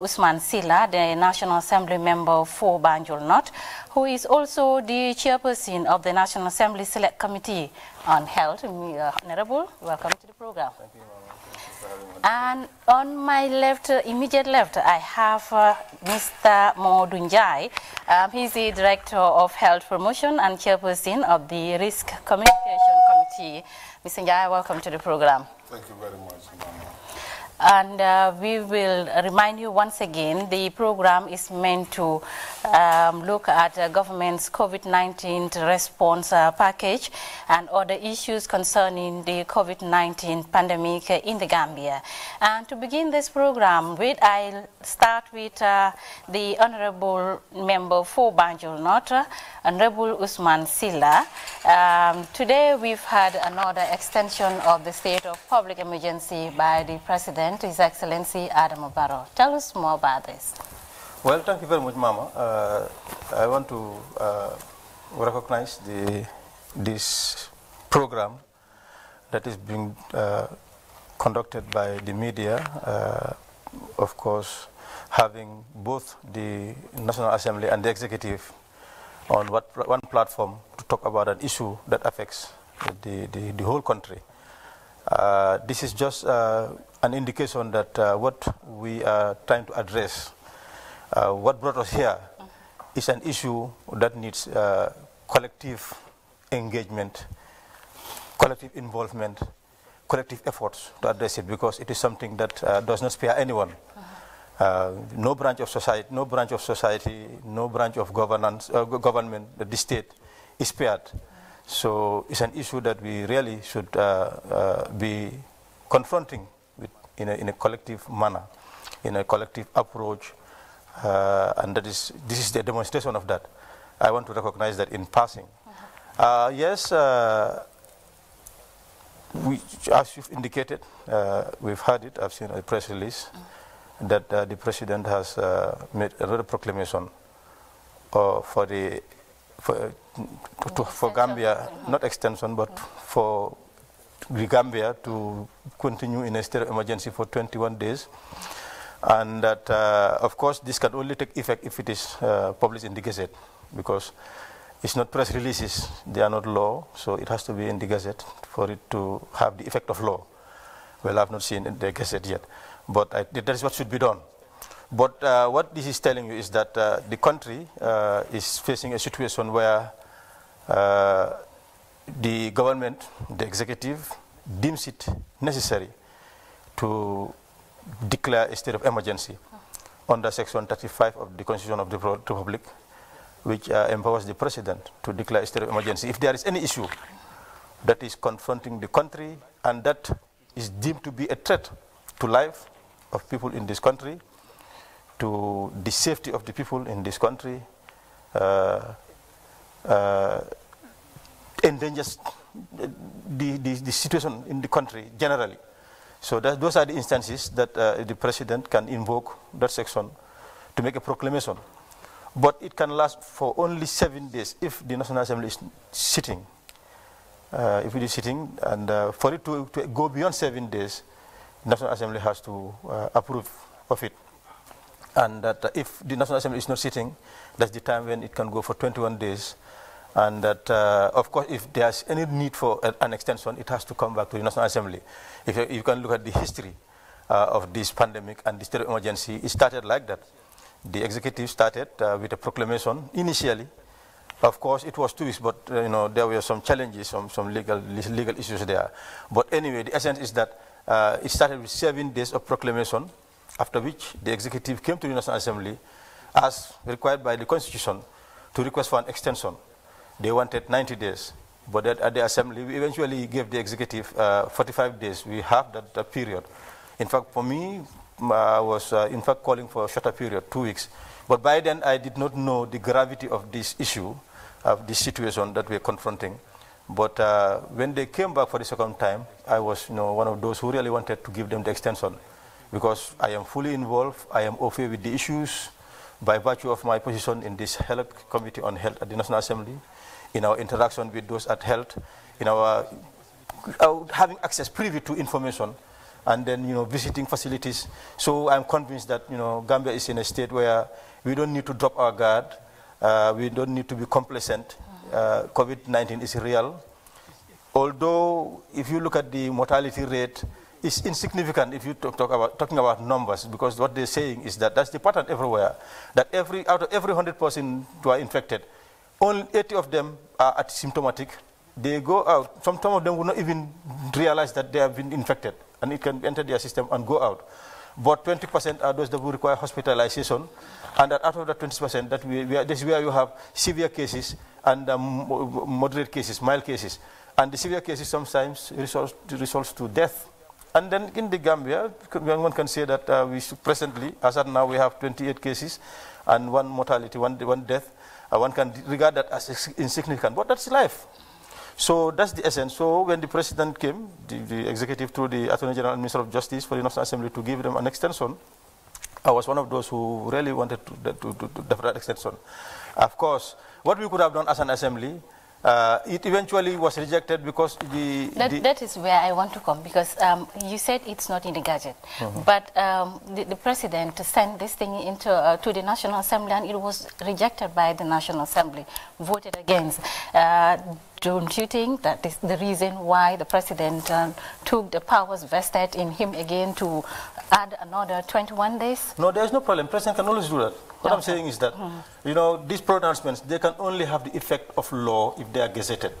Usman Silla, the National Assembly member for Banjul North, who is also the chairperson of the National Assembly Select Committee on Health. Uh, Honorable, welcome to the program. And on my left, uh, immediate left, I have uh, Mr. Mo Dunjai. Um, he's the Director of Health Promotion and Chairperson of the Risk Communication Committee. Mr. Njai, welcome to the program. Thank you very much, and uh, we will remind you once again the program is meant to um, look at uh, government's COVID-19 response uh, package and other issues concerning the COVID-19 pandemic in the Gambia. And to begin this program with, I'll start with uh, the Honorable Member for Banjul North, Honorable Usman Silla. Um, today we've had another extension of the state of public emergency by the President President, His Excellency Adam Obaro. Tell us more about this. Well, thank you very much, Mama. Uh, I want to uh, recognize the, this program that is being uh, conducted by the media, uh, of course, having both the National Assembly and the Executive on what, one platform to talk about an issue that affects the, the, the whole country. Uh, this is just uh, an indication that uh, what we are trying to address, uh, what brought us here, is an issue that needs collective engagement, collective involvement, collective efforts to address it because it is something that uh, does not spare anyone. Uh-huh. Uh, no branch of society, no branch of society, no branch of governance, uh, government, the state is spared. So it's an issue that we really should uh, uh, be confronting with, in, a, in a collective manner, in a collective approach, uh, and that is, this is the demonstration of that. I want to recognize that in passing. Uh-huh. Uh, yes, uh, we, as you've indicated, uh, we've heard it, I've seen a press release, uh-huh. that the president has made a proclamation for the, for, to, to, for Gambia, not extension, but for Gambia to continue in a state of emergency for 21 days. And that, uh, of course, this can only take effect if it is uh, published in the Gazette, because it's not press releases, they are not law, so it has to be in the Gazette for it to have the effect of law. Well, I've not seen the Gazette yet, but I, that is what should be done. But uh, what this is telling you is that uh, the country uh, is facing a situation where uh, the government, the executive, deems it necessary to declare a state of emergency under Section 35 of the Constitution of the Republic, which uh, empowers the president to declare a state of emergency if there is any issue that is confronting the country and that is deemed to be a threat to life of people in this country, to the safety of the people in this country, uh, uh, endangers the, the, the, situation in the country generally. So that, those are the instances that uh, the president can invoke that section to make a proclamation. But it can last for only seven days if the National Assembly is sitting. Uh, if it is sitting, and uh, for it to, to, go beyond seven days, National Assembly has to uh, approve of it. And that if the National Assembly is not sitting, that's the time when it can go for 21 days and that, uh, of course, if there's any need for an extension, it has to come back to the National Assembly. If you, you can look at the history uh, of this pandemic and the state of emergency, it started like that. The executive started uh, with a proclamation initially. Of course, it was two weeks, but uh, you know there were some challenges, some, some legal, legal issues there. But anyway, the essence is that uh, it started with seven days of proclamation, after which the executive came to the National Assembly as required by the Constitution to request for an extension. They wanted 90 days, but at, the assembly, we eventually gave the executive uh, 45 days. We have that, that, period. In fact, for me, I was uh, in fact calling for a shorter period, two weeks. But by then, I did not know the gravity of this issue, of this situation that we are confronting. But uh, when they came back for the second time, I was you know, one of those who really wanted to give them the extension because I am fully involved, I am au with the issues by virtue of my position in this health committee on health at the National Assembly in our interaction with those at health, in our uh, uh, having access privy to information and then you know visiting facilities. So I'm convinced that you know Gambia is in a state where we don't need to drop our guard, uh, we don't need to be complacent. Uh, COVID-19 is real, although if you look at the mortality rate, it's insignificant if you talk, talk about talking about numbers because what they're saying is that that's the pattern everywhere, that every out of every hundred person who are infected, only 80 of them are asymptomatic. They go out. Some, some of them will not even realize that they have been infected, and it can enter their system and go out. But 20% are those that will require hospitalization, and that out of that 20%, that we, we are, this is where you have severe cases and um, moderate cases, mild cases. And the severe cases sometimes results, results to death. And then in the Gambia, one can say that uh, we presently, as at now, we have 28 cases and one mortality, one, one death. Uh, one can regard that as insignificant, but that's life. So that's the essence. So when the president came, the, the executive through the Attorney General and Minister of Justice for the National Assembly to give them an extension, I was one of those who really wanted to, to, to, to that extension. Of course, what we could have done as an assembly, uh, it eventually was rejected because the that, the that is where I want to come because um, you said it's not in the gadget, mm -hmm. but um, the, the, president sent this thing into uh, to the National Assembly and it was rejected by the National Assembly, voted against. Uh, don't you think that is the reason why the president uh, took the powers vested in him again to add another 21 days? No, there's no problem. President can always do that. What okay. I'm saying is that, mm. you know, these pronouncements, they can only have the effect of law if they are gazetted.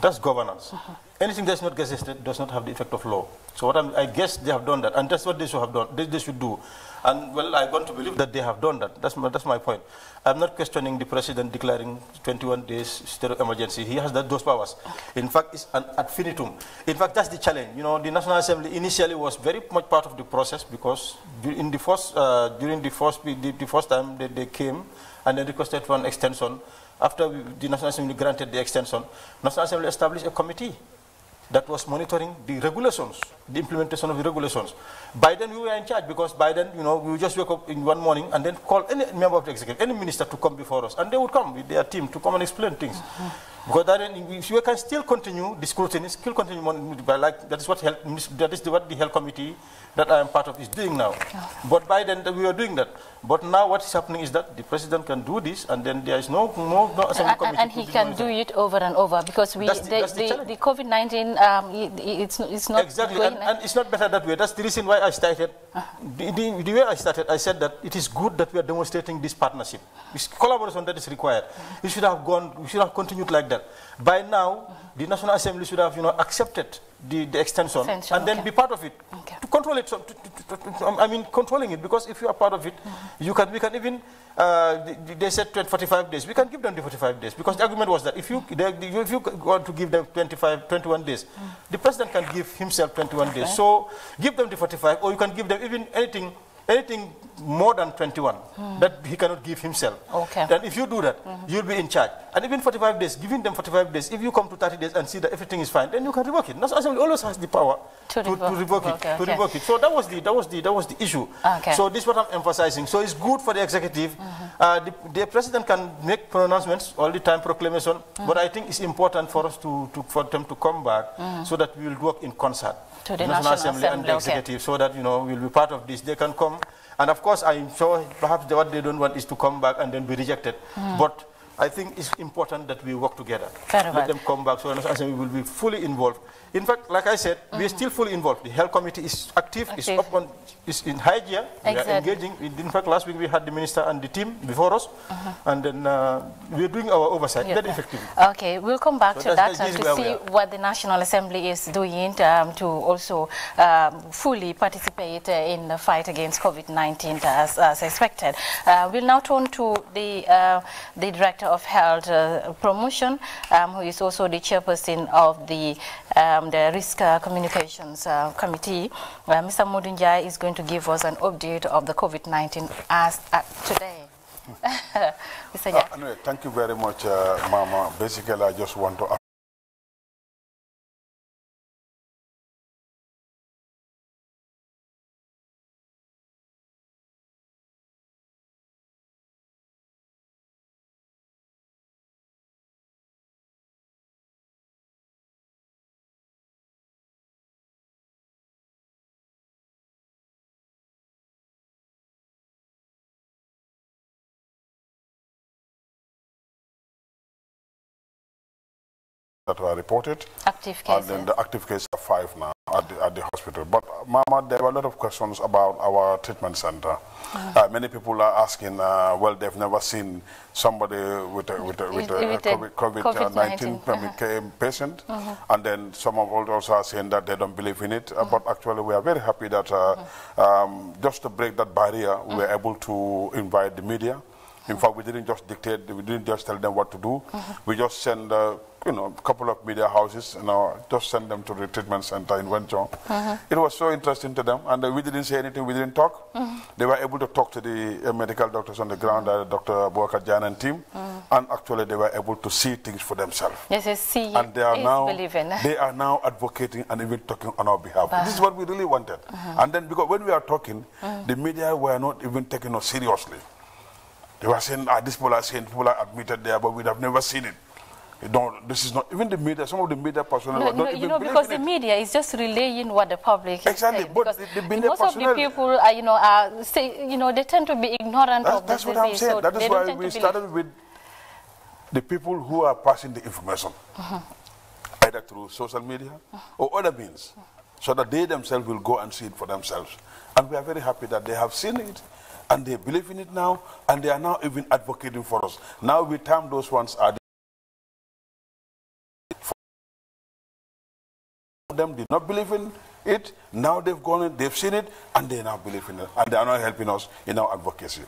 That's governance. Mm -hmm. Anything that's not gazetted does not have the effect of law. So what I'm, i guess they have done that, and that's what they should have done. They, they should do. And, well, i want to believe that they have done that. That's my, that's my point. I'm not questioning the president declaring 21 days state of emergency. He has that, those powers. Okay. In fact, it's an ad finitum. In fact, that's the challenge. You know, the National Assembly initially was very much part of the process because in the first, uh, during the first, the, the first time that they came and they requested one extension, after we, the National Assembly granted the extension, National Assembly established a committee that was monitoring the regulations, the implementation of the regulations. By then we were in charge because by then, you know, we would just wake up in one morning and then call any member of the executive, any minister to come before us. And they would come with their team to come and explain things. Mm -hmm. Because then we, we can still continue the scrutiny, still continue like that is what health, that is the, what the health committee that I am part of is doing now. Oh. But by then we were doing that. But now what is happening is that the president can do this, and then there is no more. no assembly and, committee. And he can do it over and over because we that's the, the, the, the COVID-19 um, it's it's not exactly, and, and, it's not better that way. That's the reason why I started. the, the, way I started, I said that it is good that we are demonstrating this partnership. It's collaboration that is required. We should have gone. We should have continued like that there. By now, the National Assembly should have, you know, accepted the, the extension, extension and then be part of it okay. to control it. So, to, to, to, I mean, controlling it because if you are part of it, mm -hmm. you can. We can even uh, they said 45 days. We can give them the 45 days because the argument was that if you they, if you want to give them 25, 21 days, mm. the president can give himself 21 okay. days. So give them the 45, or you can give them even anything anything more than 21 mm. that he cannot give himself. Okay. Then if you do that, mm -hmm. you'll be in charge. And even 45 days, giving them 45 days, if you come to 30 days and see that everything is fine, then you can revoke it. that's Assembly always has the power to, to, revoke, to revoke it. Okay. To revoke it. So that was the that was the that was the issue. Okay. So this is what I'm emphasizing. So it's good for the executive. Mm -hmm. uh, the, the, president can make pronouncements all the time, proclamation. -hmm. But mm-hmm. I think it's important for us to, to for them to come back mm-hmm. so that we will work in concert to the National, National Assembly, Assembly, and the Executive so that, you know, we'll be part of this. They can come. And of course, I'm sure perhaps what they don't want is to come back and then be rejected. Mm. But I think it's important that we work together. Let well. them come back so the National Assembly will be fully involved in fact, like I said, mm -hmm. we're still fully involved. The health committee is active, active. is is in high gear. Exactly. We are engaging. In fact, last week we had the minister and the team before us, uh -huh. and then uh, we're doing our oversight yeah. very effectively. Okay, we'll come back so to that and to see what the National Assembly is doing to, um, to also um, fully participate uh, in the fight against COVID-19 as, as, expected. Uh, we'll now turn to the uh, the director of health uh, promotion, um, who is also the chairperson of the um, the Risk uh, Communications uh, Committee, uh, Mr. Mudunjai is going to give us an update of the COVID-19 as at today. Mr. Uh, anyway, thank you very much, uh, Mama. Basically, I just want to that were reported. Active cases. And then the active cases are five now at the, at the hospital. But, Mama, there were a lot of questions about our treatment center. Mm -hmm. uh, many people are asking, uh, well, they've never seen somebody with a, with a, with a, with a COVID-19 COVID uh -huh. Uh, patient. Mm -hmm. And then some of also are saying that they don't believe in it. Mm -hmm. But actually, we are very happy that uh, um, just to break that barrier, we were able to invite the media. In fact, we didn't just dictate, we didn't just tell them what to do. Uh-huh. We just send, uh, you know, a couple of media houses, and uh, just send them to the treatment center in Wenchong. Uh-huh. It was so interesting to them, and uh, we didn't say anything, we didn't talk. Uh-huh. They were able to talk to the medical doctors on the ground, Dr. Abubakar Jan and team, and actually they were able to see things for themselves. Yes, yes, see and they are now They are now advocating and even talking on our behalf. This is what we really wanted. And then because when we are talking, the media were not even taking us seriously. They were saying, ah, these people are saying people are admitted there, but we have never seen it. You don't, this is not, even the media, some of the media personnel no, no, You know, because the media is just relaying what the public exactly, But the, the media most personnel, of the people, are, you know, are, say, you know, they tend to be ignorant that's, of That's what disease, I'm saying. So that is why we started with the people who are passing the information, mm -hmm. either through social media or other means, so that they themselves will go and see it for themselves. And we are very happy that they have seen it and they believe in it now, and they are now even advocating for us. Now we term those ones are them did not believe in it. Now they've gone, they've seen it, and they now believe in it, and they are now helping us in our advocacy.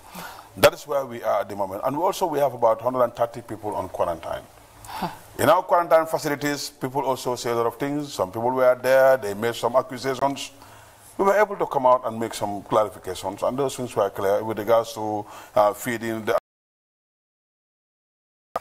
That is where we are at the moment. And also, we have about 130 people on quarantine. Huh. In our quarantine facilities, people also say a lot of things. Some people were there, they made some accusations we were able to come out and make some clarifications, and those things were clear with regards to uh, feeding the.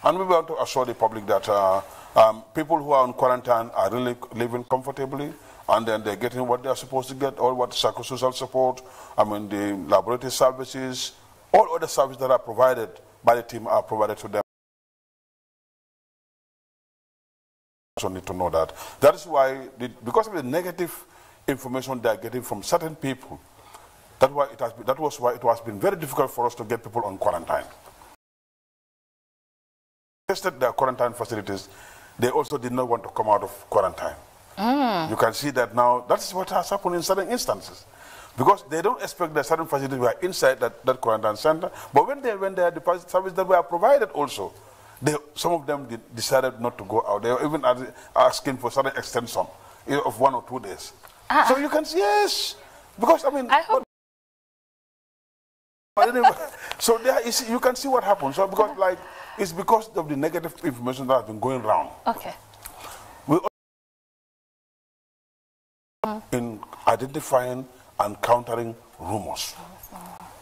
And we want to assure the public that uh, um, people who are on quarantine are really living comfortably and then they're getting what they're supposed to get, all what psychosocial support, I mean, the laboratory services, all other services that are provided by the team are provided to them. also need to know that. That is why, the, because of the negative information they are getting from certain people. That, why it has been, that was why it has been very difficult for us to get people on quarantine. Tested their quarantine facilities, they also did not want to come out of quarantine. Mm. You can see that now. That's what has happened in certain instances. Because they don't expect that certain facilities were inside that, that quarantine center. But when they they there, the services that were provided also, they, some of them decided not to go out. They were even asking for certain extension eh, of one or two days. Uh -uh. So ah. you can, see, yes. Because, I mean, I hope. so there is, you can see what happens. So because, like, it's because of the negative information that has been going around. Okay. in identifying and countering rumors.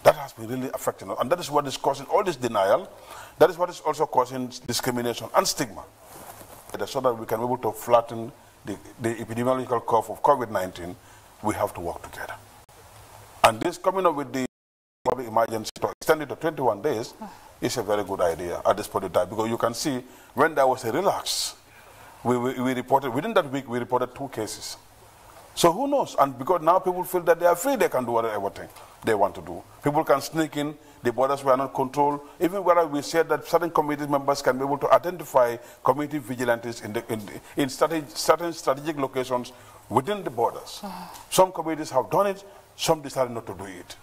That has been really affecting us. And that is what is causing all this denial. That is what is also causing discrimination and stigma. So that we can be able to flatten the, the epidemiological curve of COVID-19, we have to work together. And this coming up with the public emergency to extend it to 21 days is a very good idea at this point in time because you can see when there was a relax, we, we, we reported, within that week, we reported two cases. So who knows? And because now people feel that they are free, they can do whatever thing they want to do. People can sneak in the borders were not controlled. Even where we said that certain committee members can be able to identify community vigilantes in, the, in, the, in certain, certain strategic locations within the borders. Ah. Some communities have done it, some decided not to do it.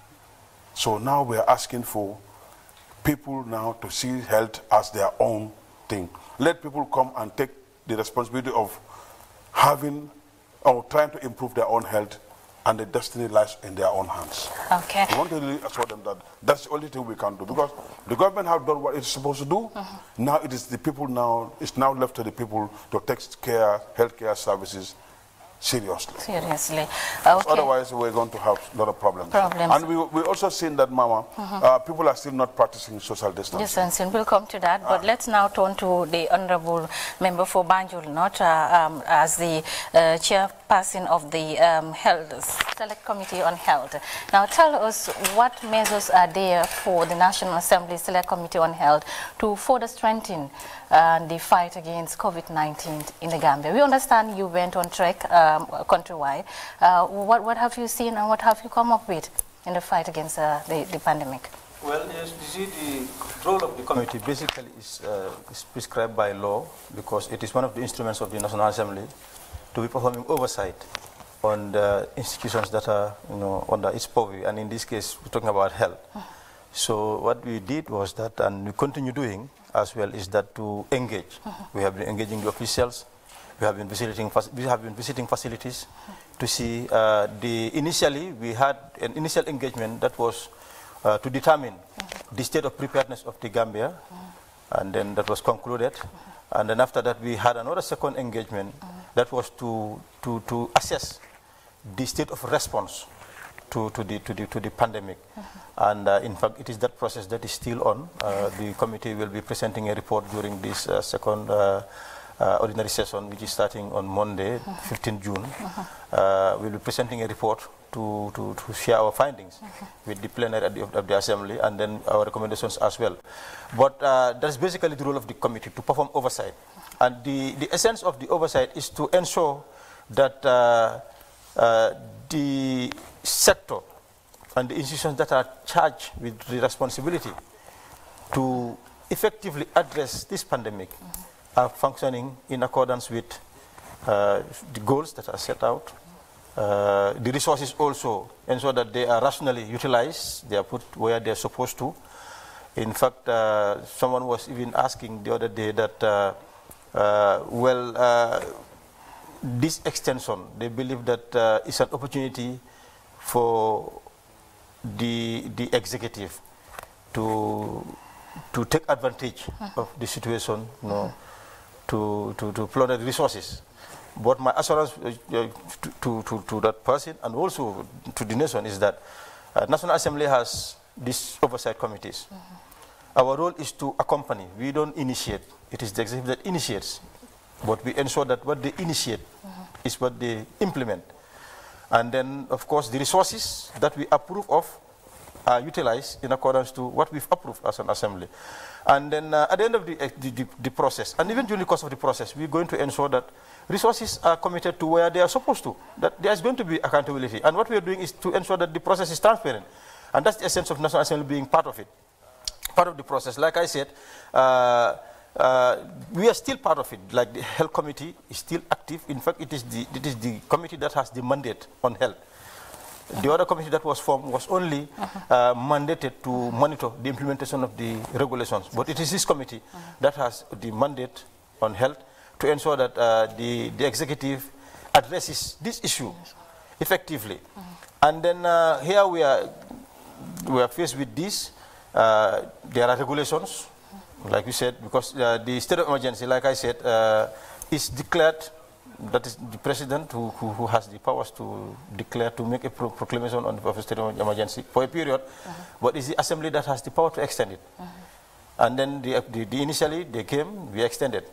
So now we are asking for people now to see health as their own thing. Let people come and take the responsibility of having or trying to improve their own health and the destiny lies in their own hands. Okay. We want to really assure them that that's the only thing we can do because the government have done what it's supposed to do. Mm -hmm. Now it is the people now, it's now left to the people to take care, healthcare services seriously. Seriously. Okay. Otherwise, we're going to have a lot of problems. Problems. And we, we also seen that, Mama, mm -hmm. uh, people are still not practicing social distancing. Distancing. We'll come to that. But uh. let's now turn to the Honorable Member for Banjul not uh, um, as the uh, chairperson of the um, Health Select Committee on Health. Now, tell us what measures are there for the National Assembly Select Committee on Health to further strengthen and the fight against COVID-19 in the Gambia. We understand you went on trek um, countrywide. Uh, what, what have you seen and what have you come up with in the fight against uh, the, the pandemic? Well, yes, you see, the role of the committee basically is, uh, is, prescribed by law because it is one of the instruments of the National Assembly to be performing oversight on the institutions that are you know, under its purview, and in this case, we're talking about health. So what we did was that, and we continue doing, as well is that to engage. We have been engaging the officials. We have been visiting. We have been visiting facilities to see uh, the. Initially, we had an initial engagement that was uh, to determine the state of preparedness of the Gambia, and then that was concluded. And then after that, we had another second engagement that was to to to assess the state of response to, to, the, to, the, to the pandemic. Uh-huh. And uh, in fact, it is that process that is still on. Uh, the committee will be presenting a report during this uh, second uh, uh, ordinary session, which is starting on Monday, uh-huh. 15 June. Uh-huh. Uh, we'll be presenting a report to, to, to share our findings okay. with the plenary of the, of the, assembly and then our recommendations as well. But that's basically the role of the committee to perform oversight. And the, the essence of the oversight is to ensure that uh, the sector and the institutions that are charged with the responsibility to effectively address this pandemic mm -hmm. are functioning in accordance with uh, the goals that are set out, uh, the resources also, and so that they are rationally utilized, they are put where they're supposed to. In fact, uh, someone was even asking the other day that, uh, uh, well, this extension, they believe that uh, it's an opportunity for the, the executive to, to take advantage uh-huh. of the situation, you know, uh-huh. to, to, to plunder resources. But my assurance uh, uh, to, to, to that person and also to the nation is that uh, National Assembly has these oversight committees. Uh-huh. Our role is to accompany. We don't initiate. It is the executive that initiates. But we ensure that what they initiate uh-huh. is what they implement. And then, of course, the resources that we approve of are utilized in accordance to what we've approved as an assembly. And then uh, at the end of the, uh, the, the, the, process, and even during the course of the process, we're going to ensure that resources are committed to where they are supposed to, that there's going to be accountability. And what we're doing is to ensure that the process is transparent. And that's the essence of National Assembly being part of it, part of the process. Like I said, uh, uh, we are still part of it. Like the health committee is still active. In fact, it is the it is the committee that has the mandate on health. The other committee that was formed was only uh -huh. uh, mandated to monitor the implementation of the regulations. But it is this committee uh -huh. that has the mandate on health to ensure that uh, the, the executive addresses this issue effectively. -huh. And then uh, here we are, we are faced with this. Uh, there are regulations like you said, because uh, the state of emergency, like I said, uh, is declared, that is the president who, who, who, has the powers to declare, to make a pro proclamation on, of a state of emergency for a period, uh -huh. but it's the assembly that has the power to extend it. -huh. And then the, the, the initially they came, we extended.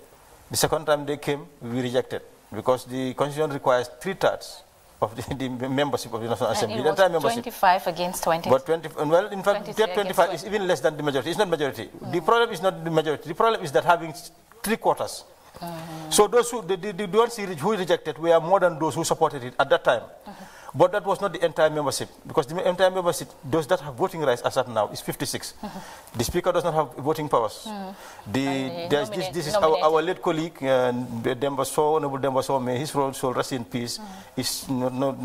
The second time they came, we rejected because the constitution requires three thirds of the, the, membership of the National and uh, Assembly. It was 25 against 20. But 20, well, in fact, that 25 is even less than the majority. It's not majority. Mm. The problem is not the majority. The problem is that having three quarters. Mm. So those who, the, the, the ones who rejected were more than those who supported it at that time. Mm -hmm. But that was not the entire membership, because the entire membership, does not have voting rights as at now, it's 56. the Speaker does not have voting powers. Hmm. The, this, this is our, our, late colleague, uh, Dembaso, Honorable Dembaso, may his role rest in peace, hmm. It's not,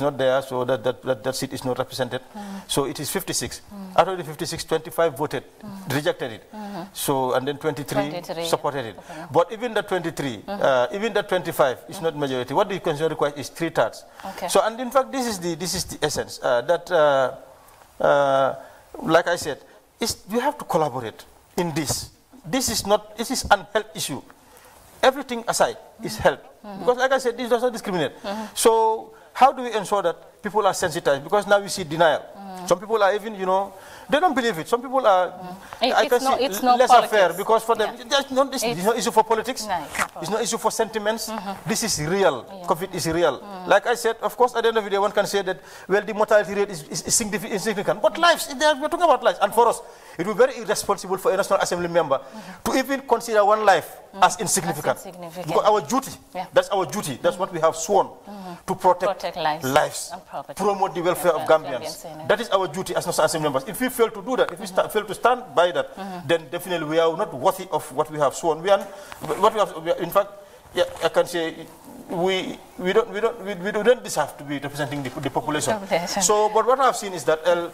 not there, so that, that, that, that seat is not represented. Hmm. So it is 56. Out of the 56, 25 voted, rejected it. So, and then 23, 23 supported it. Okay. But even the 23, uh, even the 25 is not majority. What the Constitution requires is three thirds. Okay. So, and then fact, this is the, this is the essence uh, that, uh, uh like I said, you have to collaborate in this. This is not, this is an health issue. Everything aside is health. Mm -hmm. Because like I said, this does not discriminate. Mm-hmm. So how do we ensure that people are sensitized? Because now we see denial. Mm-hmm. Some people are even, you know, they don't believe it. Some people are, mm. I it's can no, see, it's not less affair because for them, yeah. no, it's, it's, not issue for politics. No, it's, not it's not issue for sentiments. Mm -hmm. This is real. Yeah. COVID is real. Mm. Like I said, of course, at the end of the day, one can say that, well, the mortality rate is, is insignificant. But lives, are, we're talking about lives. And for us, it would be very irresponsible for a National Assembly member -hmm. to even consider one life mm. as insignificant. as, insignificant. Because our duty, yeah. that's our duty. That's what we have sworn mm-hmm. to protect, protect lives, lives promote the welfare, welfare of Gambians. Gambians that is our duty as National Assembly members. If we fail to do that, if we fail to stand by that, uh-huh. then definitely we are not worthy of what we have sworn. We are, what we have, we are, in fact, yeah, I can say we we don't we don't we, we don't deserve to be representing the, the population. So, but what I've seen is that L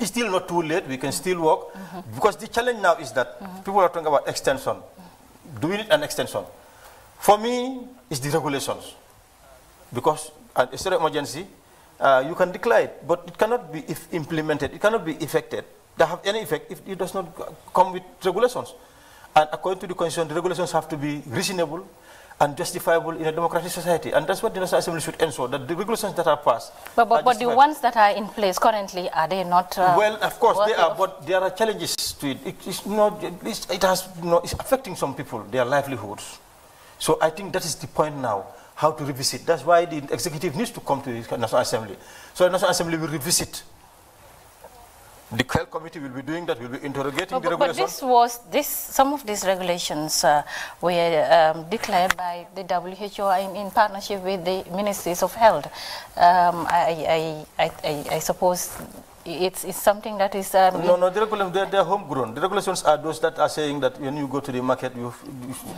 it's still not too late. We can still work mm -hmm. because the challenge now is that mm -hmm. people are talking about extension. Do we need an extension? For me, it's the regulations because at a state of emergency, uh, you can declare it, but it cannot be implemented, it cannot be effected, that have any effect if it does not come with regulations. And according to the Constitution, the regulations have to be reasonable and justifiable in a democratic society. And that's what the National Assembly should ensure, that the regulations that are passed But, but, but the ones that are in place currently, are they not... Uh, well, of course, they are, but there are challenges to it. it it's not, it has, you know, it's affecting some people, their livelihoods. So I think that is the point now how to revisit. That's why the executive needs to come to the National Assembly. So the National Assembly will revisit. The CREL committee will be doing that, will be interrogating oh, the but, But this was, this, some of these regulations uh, were um, declared by the WHO in, in, partnership with the ministries of health. Um, I, I, I, I, suppose it's, it's something that is... Um, no, no, the regulations, they're, they're, homegrown. The regulations are those that are saying that when you go to the market, you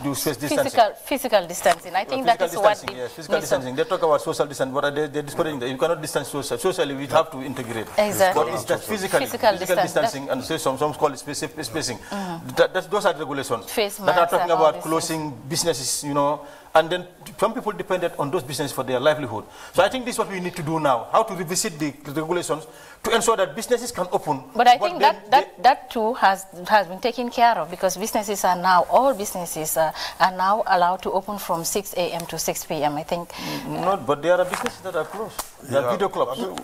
do space distancing. Physical, physical distancing. I think well, uh, that is what... yes, physical distancing. They talk about social distancing, but they, they're discouraging that. You cannot distance socially. Socially, we have to integrate. Exactly. What is that physically? Physical, physical distancing, and so some, some call it spacing. Mm -hmm. that, that, those are the regulations Face that are talking about closing businesses, you know, and then some people depended on those businesses for their livelihood. So I think this is what we need to do now, how to revisit the, the regulations to ensure that businesses can open. But I but think that, that, that too has, has been taken care of because businesses are now, all businesses are, are now allowed to open from 6 a.m. to 6 p.m., I think. Mm, not, but there are businesses that are closed. There yeah, are video clubs. Think,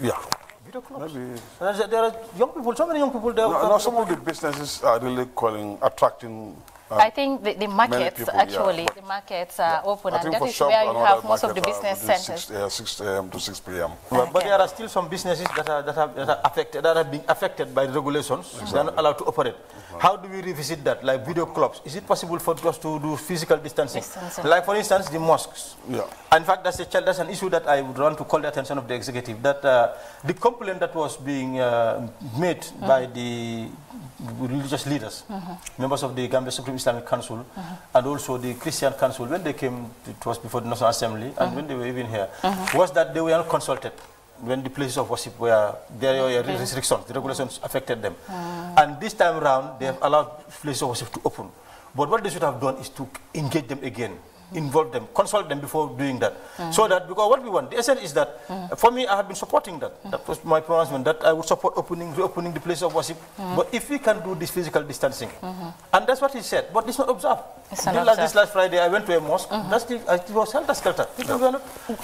yeah. Video clubs. Maybe. There are young people, so many young people there. No, some of the businesses are really calling, attracting um, I think the, the markets, people, actually, yeah, the markets are yeah. open, and that is where you have most of the uh, business centers. 6, uh, 6 a.m. to 6 p.m. Well, okay. But there are still some businesses that are, that, have that are affected, that are being affected by regulations. Mm They are not allowed to operate. How do we revisit that, like video clubs? Is it possible for us to do physical distancing? distancing. Like, for instance, the mosques. Yeah. And in fact, that's, a, that's an issue that I would want to call the attention of the executive, that uh, the complaint that was being uh, made mm -hmm. by the religious leaders, mm -hmm. members of the Gambia Supreme Islamic Council, mm -hmm. and also the Christian Council, when they came, it was before the National Assembly, and when they were even here, was that they were not consulted when the places of worship were, there were restrictions, the regulations affected them. Ah. And this time around, they have allowed places of worship to open. But what they should have done is to engage them again, involve them, consult them before doing that. Ah. So that, because what we want, the essence is that, ah. for me, I have been supporting that. That was my pronouncement, that I would support opening, reopening the place of worship. But if we can do this physical distancing, uh-huh. and that's what he said, but it's not observed. It's not observed. Last, this last Friday, I went to a mosque, -hmm. that's the, uh, it was helter-skelter. People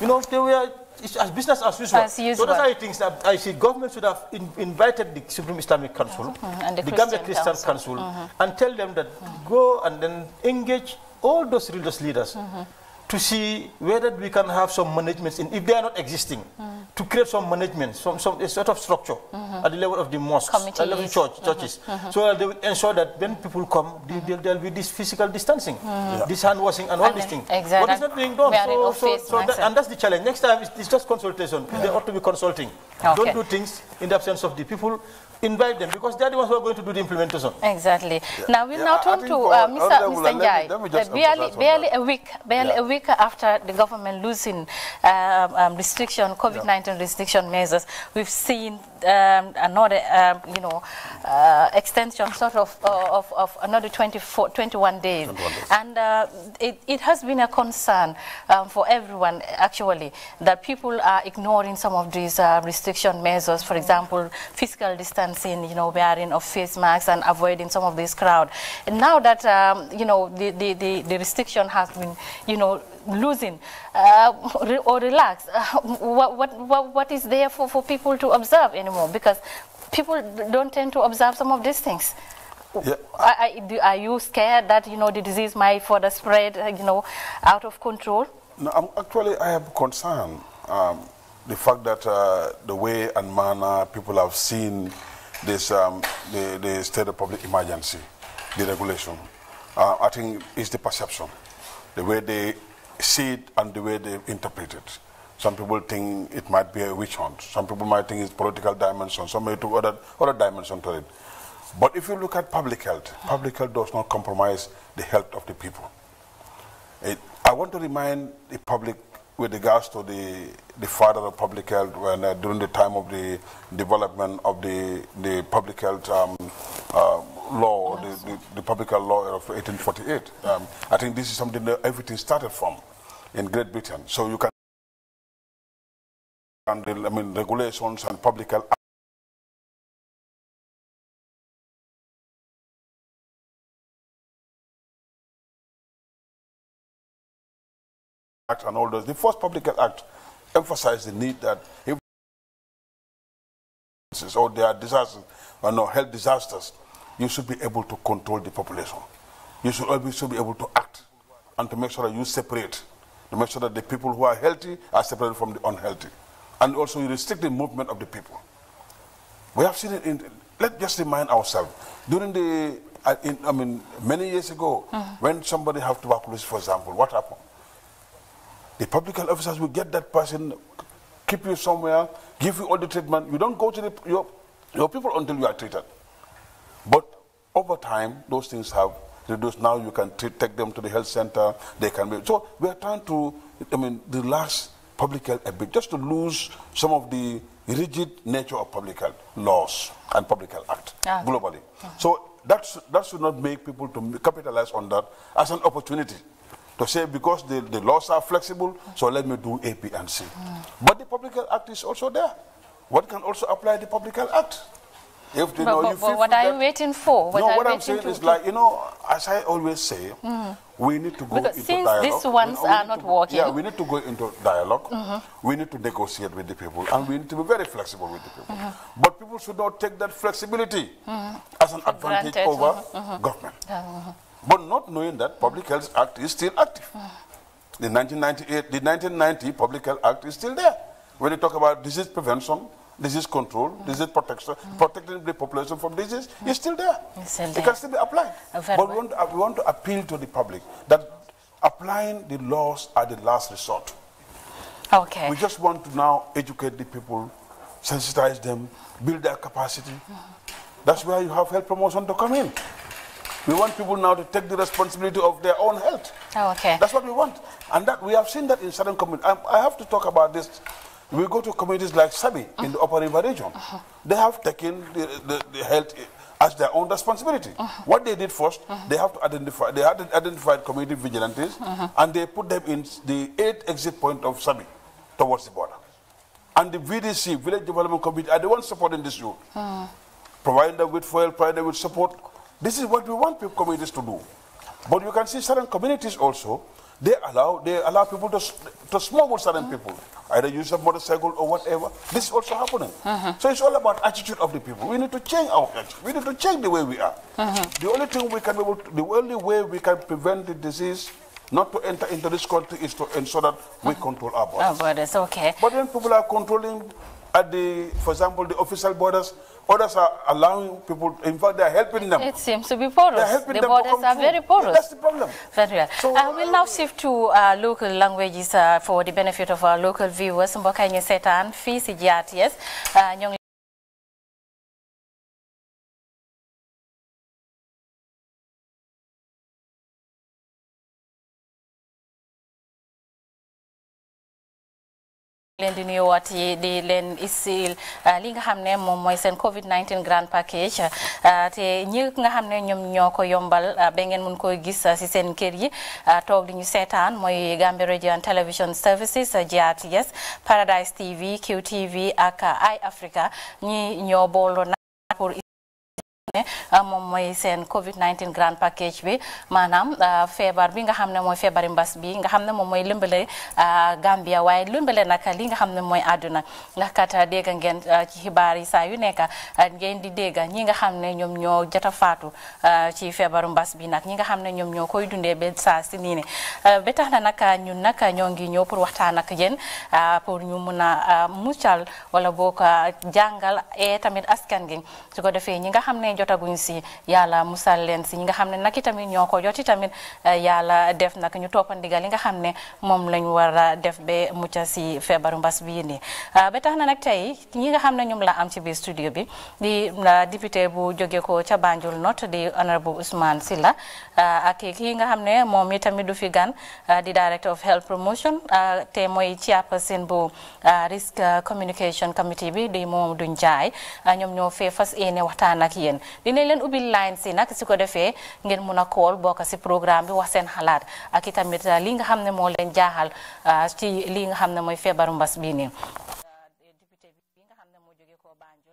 you know, they were it's as business as usual. As usual. So that's how he thinks. that I uh, see government should have in, invited the Supreme Islamic Council, mm -hmm. and the, the Gambia Christian Council, Council mm -hmm. and tell them that go and then engage all those religious leaders. Mm-hmm to see whether we can have some managements in, if they are not existing, mm. to create some management, some, some sort of structure mm -hmm. at the level of the mosques, at the level of church, churches, -hmm. so that they will ensure that when people come, there mm-hmm. will be this physical distancing, yeah. Mm-hmm. this hand washing and all these things. Exactly. What is not being done? So, so, so that, and that's the challenge. Next time, it's, it's just consultation. Yeah. They ought to be consulting. Okay. Don't do things in the absence of the people invite them because they are the ones who are going to do the implementation. Exactly. Yeah. Now we'll yeah, now turn to uh, Mr. Mr. Njai. Barely, barely a week, barely yeah. a week after the government losing um, um, restriction, COVID-19 yeah. restriction measures, we've seen um, another, um, you know, uh, extension sort of, uh, of, of, another 24, 21 days. 21 days. And uh, it, it has been a concern um, for everyone, actually, that people are ignoring some of these uh, restriction measures. For example, physical distancing, you know, wearing of face masks and avoiding some of this crowd. And now that, um, you know, the, the, the, the restriction has been, you know, Losing uh, or relax. Uh, what, what, what is there for, for people to observe anymore? Because people don't tend to observe some of these things. Yeah. Are, are, you scared that you know the disease might further spread, uh, you know, out of control? No, I'm actually I am concerned. Um, the fact that uh, the way and manner people have seen this um, the, the state of public emergency, the regulation, uh, I think is the perception. The way they see it and the way they interpret it. Some people think it might be a witch hunt. Some people might think it's political dimension. Some may other, other dimension to it. But if you look at public health, public health does not compromise the health of the people. It, I want to remind the public with regards to the, the father of public health when uh, during the time of the development of the, the public health um, uh, law, the, the, the, public health law of 1848. Um, I think this is something that everything started from in Great Britain. So you can and I mean regulations and public act and all those. The first public act emphasized the need that if or there are disasters or no health disasters, you should be able to control the population. You should always should be able to act and to make sure that you separate to make sure that the people who are healthy are separated from the unhealthy. And also you restrict the movement of the people. We have seen it in, let's just remind ourselves, during the, uh, in, I mean, many years ago, uh -huh. when somebody had tuberculosis, for example, what happened? The public health officers will get that person, keep you somewhere, give you all the treatment. You don't go to the, your, your people until you are treated. But over time, those things have reduced. Now you can take them to the health center. They can be. So we are trying to, I mean, relax public health a bit, just to lose some of the rigid nature of public health laws and public health act ah. globally. Ah. So that's, that should not make people to capitalize on that as an opportunity to say because the, the laws are flexible, so let me do A, B, and C. Mm. But the Public Health Act is also there. One can also apply the Public Health Act. If they but, know but, you but what are you waiting for? What no, what I'm saying is like, you know, as I always say, mm. we need to go because into since dialogue. these ones we, are not to, working. Yeah, we need to go into dialog mm -hmm. We need to negotiate with the people, and we need to be very flexible with the people. Mm -hmm. But people should not take that flexibility mm-hmm. as an advantage Granted. over mm-hmm. Mm-hmm. government. But not knowing that Public Health Act is still active. Mm. The 1998, the 1990 Public Health Act is still there. When you talk about disease prevention, disease control, mm. disease protection, mm. protecting the population from disease mm. is still there. It's still it can still be applied. Oh, but we want, uh, we want to appeal to the public that applying the laws are the last resort. Okay. We just want to now educate the people, sensitize them, build their capacity. Mm-hmm. That's where you have health promotion to come in. We want people now to take the responsibility of their own health. Oh, okay. That's what we want. And that we have seen that in certain communities. I, I have to talk about this we go to communities like Sabi uh -huh. in the Upper River region. Uh -huh. They have taken the, the, the, health as their own responsibility. Uh -huh. What they did 1st uh-huh. they have to identify, they had identified community vigilantes uh-huh. and they put them in the eight exit point of Sabi towards the border. And the VDC, Village Development Committee, are the ones supporting this youth. Uh-huh. Providing them with fuel, providing them with support. This is what we want communities to do. But you can see certain communities also they allow they allow people to to smoke with certain mm -hmm. people, either use a motorcycle or whatever. This is also happening. Uh-huh. So it's all about attitude of the people. We need to change our attitude. We need to change the way we are. Uh-huh. The only thing we can be able, to, the only way we can prevent the disease not to enter into this country is to ensure that we uh-huh. control our bodies. Our bodies, okay. But then people are controlling at the, for example, the official borders. Others are allowing people, in fact, they are helping them. It seems to be porous. The borders are through. very porous. Yeah, that's the problem. Very well. So, uh, we'll uh, now shift to uh, local languages uh, for the benefit of our local viewers. Mbokanye Setan, Fisi yes. Uh, leen di nuyuwaat yi di leen ah, li nga xam ne moom mooy seen Covid 19 grand package ah, te ñi nga xam ne ñoom ñoo ko yombal ah, ba ngeen mun koy gis si seen kër yi toog di ñu seetaan mooy Gambia Radio and Television Services GRTS Paradise TV QTV ak Eye Africa ñi ñoo booloo pour ne ah, moom mooy seen Covid 19 grand package bi maanaam ah, feebar bi nga xam ne mooy feebari mbas bi nga xam ne moom mooy lëmbale ah, Gambia waaye lëmbale nag li nga xam ne mooy àdduna ndax kat dégg ngeen ci xibaar yi saa yu nekk ngeen di dégg ñi nga xam ne ñoom ñoo jot a faatu ci feebaru mbas bi nag ñi nga xam ne ñoom ñoo koy dundee be sa si nii tax na nag ñun nag ñoo ngi ñëw pour waxtaan ak yéen pour ñu mun a muccal wala boo ko jàngal eh, tamit askan gi su defee ñi nga xam ne jotaguñ si yàlla musal leen si nga xam ne nag itamit ñoo ko joti tamit eh, yala def nag ñu toppandigal li nga xam ne moom la war a def ba mucca si feebaru mbas bii nii ah, ba tax na nag tey ñi nga xam ne ñoom la am ci bi studio bi di ah, député bu jóge ko ca Banjul North di honorable Ousmane Silla ah, ak ki nga xam ne moom itamit du fi di director of health promotion te mooy chairperson bu risk communication committee bi di moom duñ jaay ñoom ñoo fee fas yéene dinañ leen ubbi line si nag su ko defee ngeen mun a call bokk si programme bi wax seen xalaat ak itamit ah, li nga xam ne moo leen jaaxal ah, ci li nga xam ne mooy feebaru mbas bii nii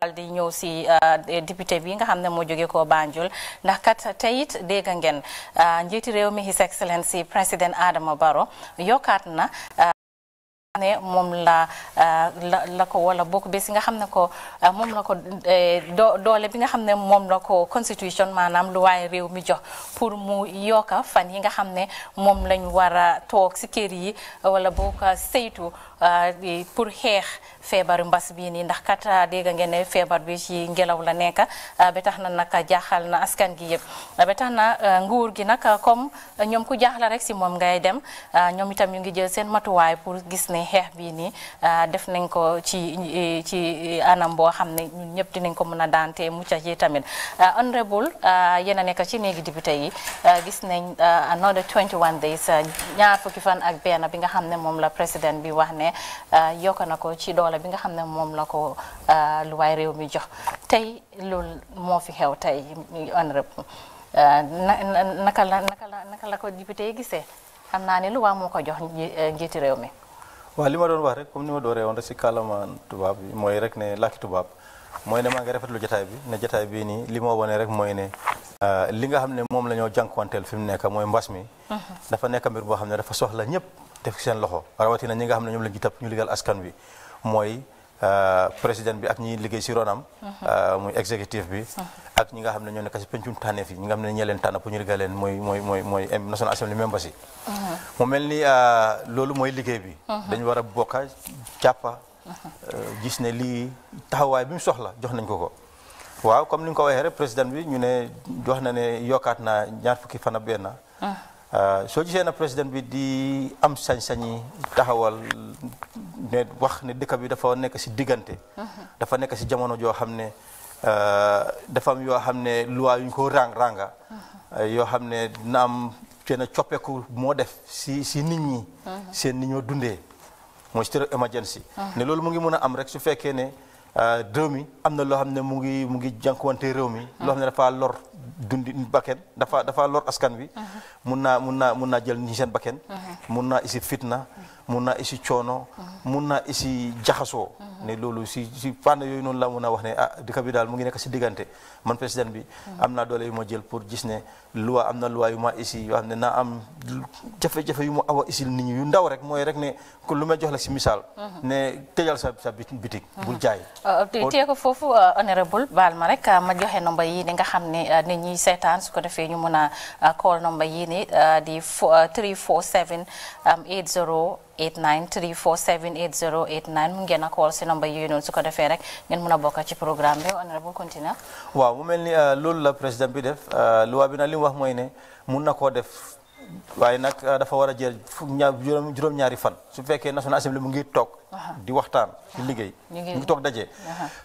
daal di ñëw si ah, député bi nga xam ne moo jóge koo Banjul ndax kat teyit dégg ngeen njiiti réew mi His Excellency président Adama Barrow yokkaat na ne moom la euh, la la ko wala bokk bés yi nga xam ne ko euh, moom la ko euh, doole bi nga xam ne moom la ko constitution maanaam lu waaye réew mi jox pour mu yokka fan yi nga xam ne moom lañ war a toog si kër yi wala bokk saytu Ah, di pour xeex feebaru mbas bi ni ndax kata dégg ngeen ne feebar bi ci ngelaw la nek ah, ba tax na nag jaaxal na askan ah, gi yeb ba tax na nguur gi nak comme ñom ku jaxla rek ci mom ngay dem ñom itam ñu ngi jël seen pour gis ne bi ni def nañ ko ci e, ci e, anam bo xamne ñun ñep dinañ ko mëna danté mu mucc ci tamit honorable yena nek ci negi député yi gis nañ another 21 days ñaar fukki fan ak ben bi nga xamne mom la president bi wax ne ne euh, yokk na ko ci doole bi nga xam ne moom la ko euh, lu waay réew mi jox tey loolu moo fi xew tey honorable euh, naka la naka la naka la ko député yi gisee xam naa ni lu moo ko jox njiiti réew mi. waaw li ma doon wax rek comme ni ma dooree woon rek si kàllaama tubaab bi mooy rek ne làkki tubaab mooy ne maa ngi rafetlu jotaay bi ne jotaay bii nii li ma wane rek mooy ne. li nga xam ne moom la ñoo jànkuwanteel fi mu nekk mooy mbas mi. Mm-hmm. dafa nekk mbir boo xam ne dafa soxla ñëpp. def ci seen loxo rawatina ñi nga xam ne ñoom lañ ci tëpp ñu liggéeyal askan wi mooy euh, président bi ak ñi liggéey si ronam uh-huh. euh, muy exécutif bi uh-huh. ak ñi nga xam ne ñoo nekk si pencum tànneef yi ñi nga xam ne ñee leen tànn pour ñu liggéey leen mooy mooy mooy mooy national uh-huh. ni euh, loolu mooy liggéey bi dañ war a bokka jàppa gis ne lii taxawaay bi mu soxla jox nañ ko ko waaw comme ni ko waxee rek président bi ñu ne jox na ne yokkaat na ñaar fukki fan ak Euh, soo gisee na président bi di am sañ-sañi taxawal ne wax ne dëkk bi dafa nekk si diggante. Mhm. dafa nekk si jamono joo xam ne euh, dafa am yoo xam ne loi yu ñu ko rang ranga. Mhm. yoo xam ne na am seen moo def si si nit ñi. Mhm. seen ni ñoo dundee mooy state of emergency. loolu mu ngi mën a am rek su fekkee ne euh, réew mi am na loo xam ne mu ngi mu ngi jànkuwante réew mi. loo xam ne dafa lor. dundi bakken dafa dafa lor askan wi mun naa mun naa mun naa jël ni seen bakken mun naa isi fitna mun naa isi coono mun naa isi jaxasoo ne loolu si si fànn yooyu noonu la mun a wax ne ah dëkk bi daal mu ngi nekk si diggante man président bi am naa doole yu ma jël pour gis ne loi am na loi yu ma isi yoo xam ne naa am jafe-jafe yu ma awa isil nit yu ndaw rek mooy rek ne ku lu may jox la si misaal ne tëjal sa bitik bul jaay euh, tey foofu euh, honorable baal ma rek ñiy seetaan su ko defee ñu mën a uh, call number yii ni uh, di 347 80 89 347 80 89 mu ngeen a call si number yooyu noonu su ko defee rek ngeen mën a bokk ci programme bi honorable continue waaw mu mel ni uh, loolu la président bi def loi bi nag li wax mooy ne mun na koo def waaye nag dafa war a jël juróom-ñaari fan su fekkee na national assembly mu ngi toog di waxtaan di liggéey ñu ngi toog daje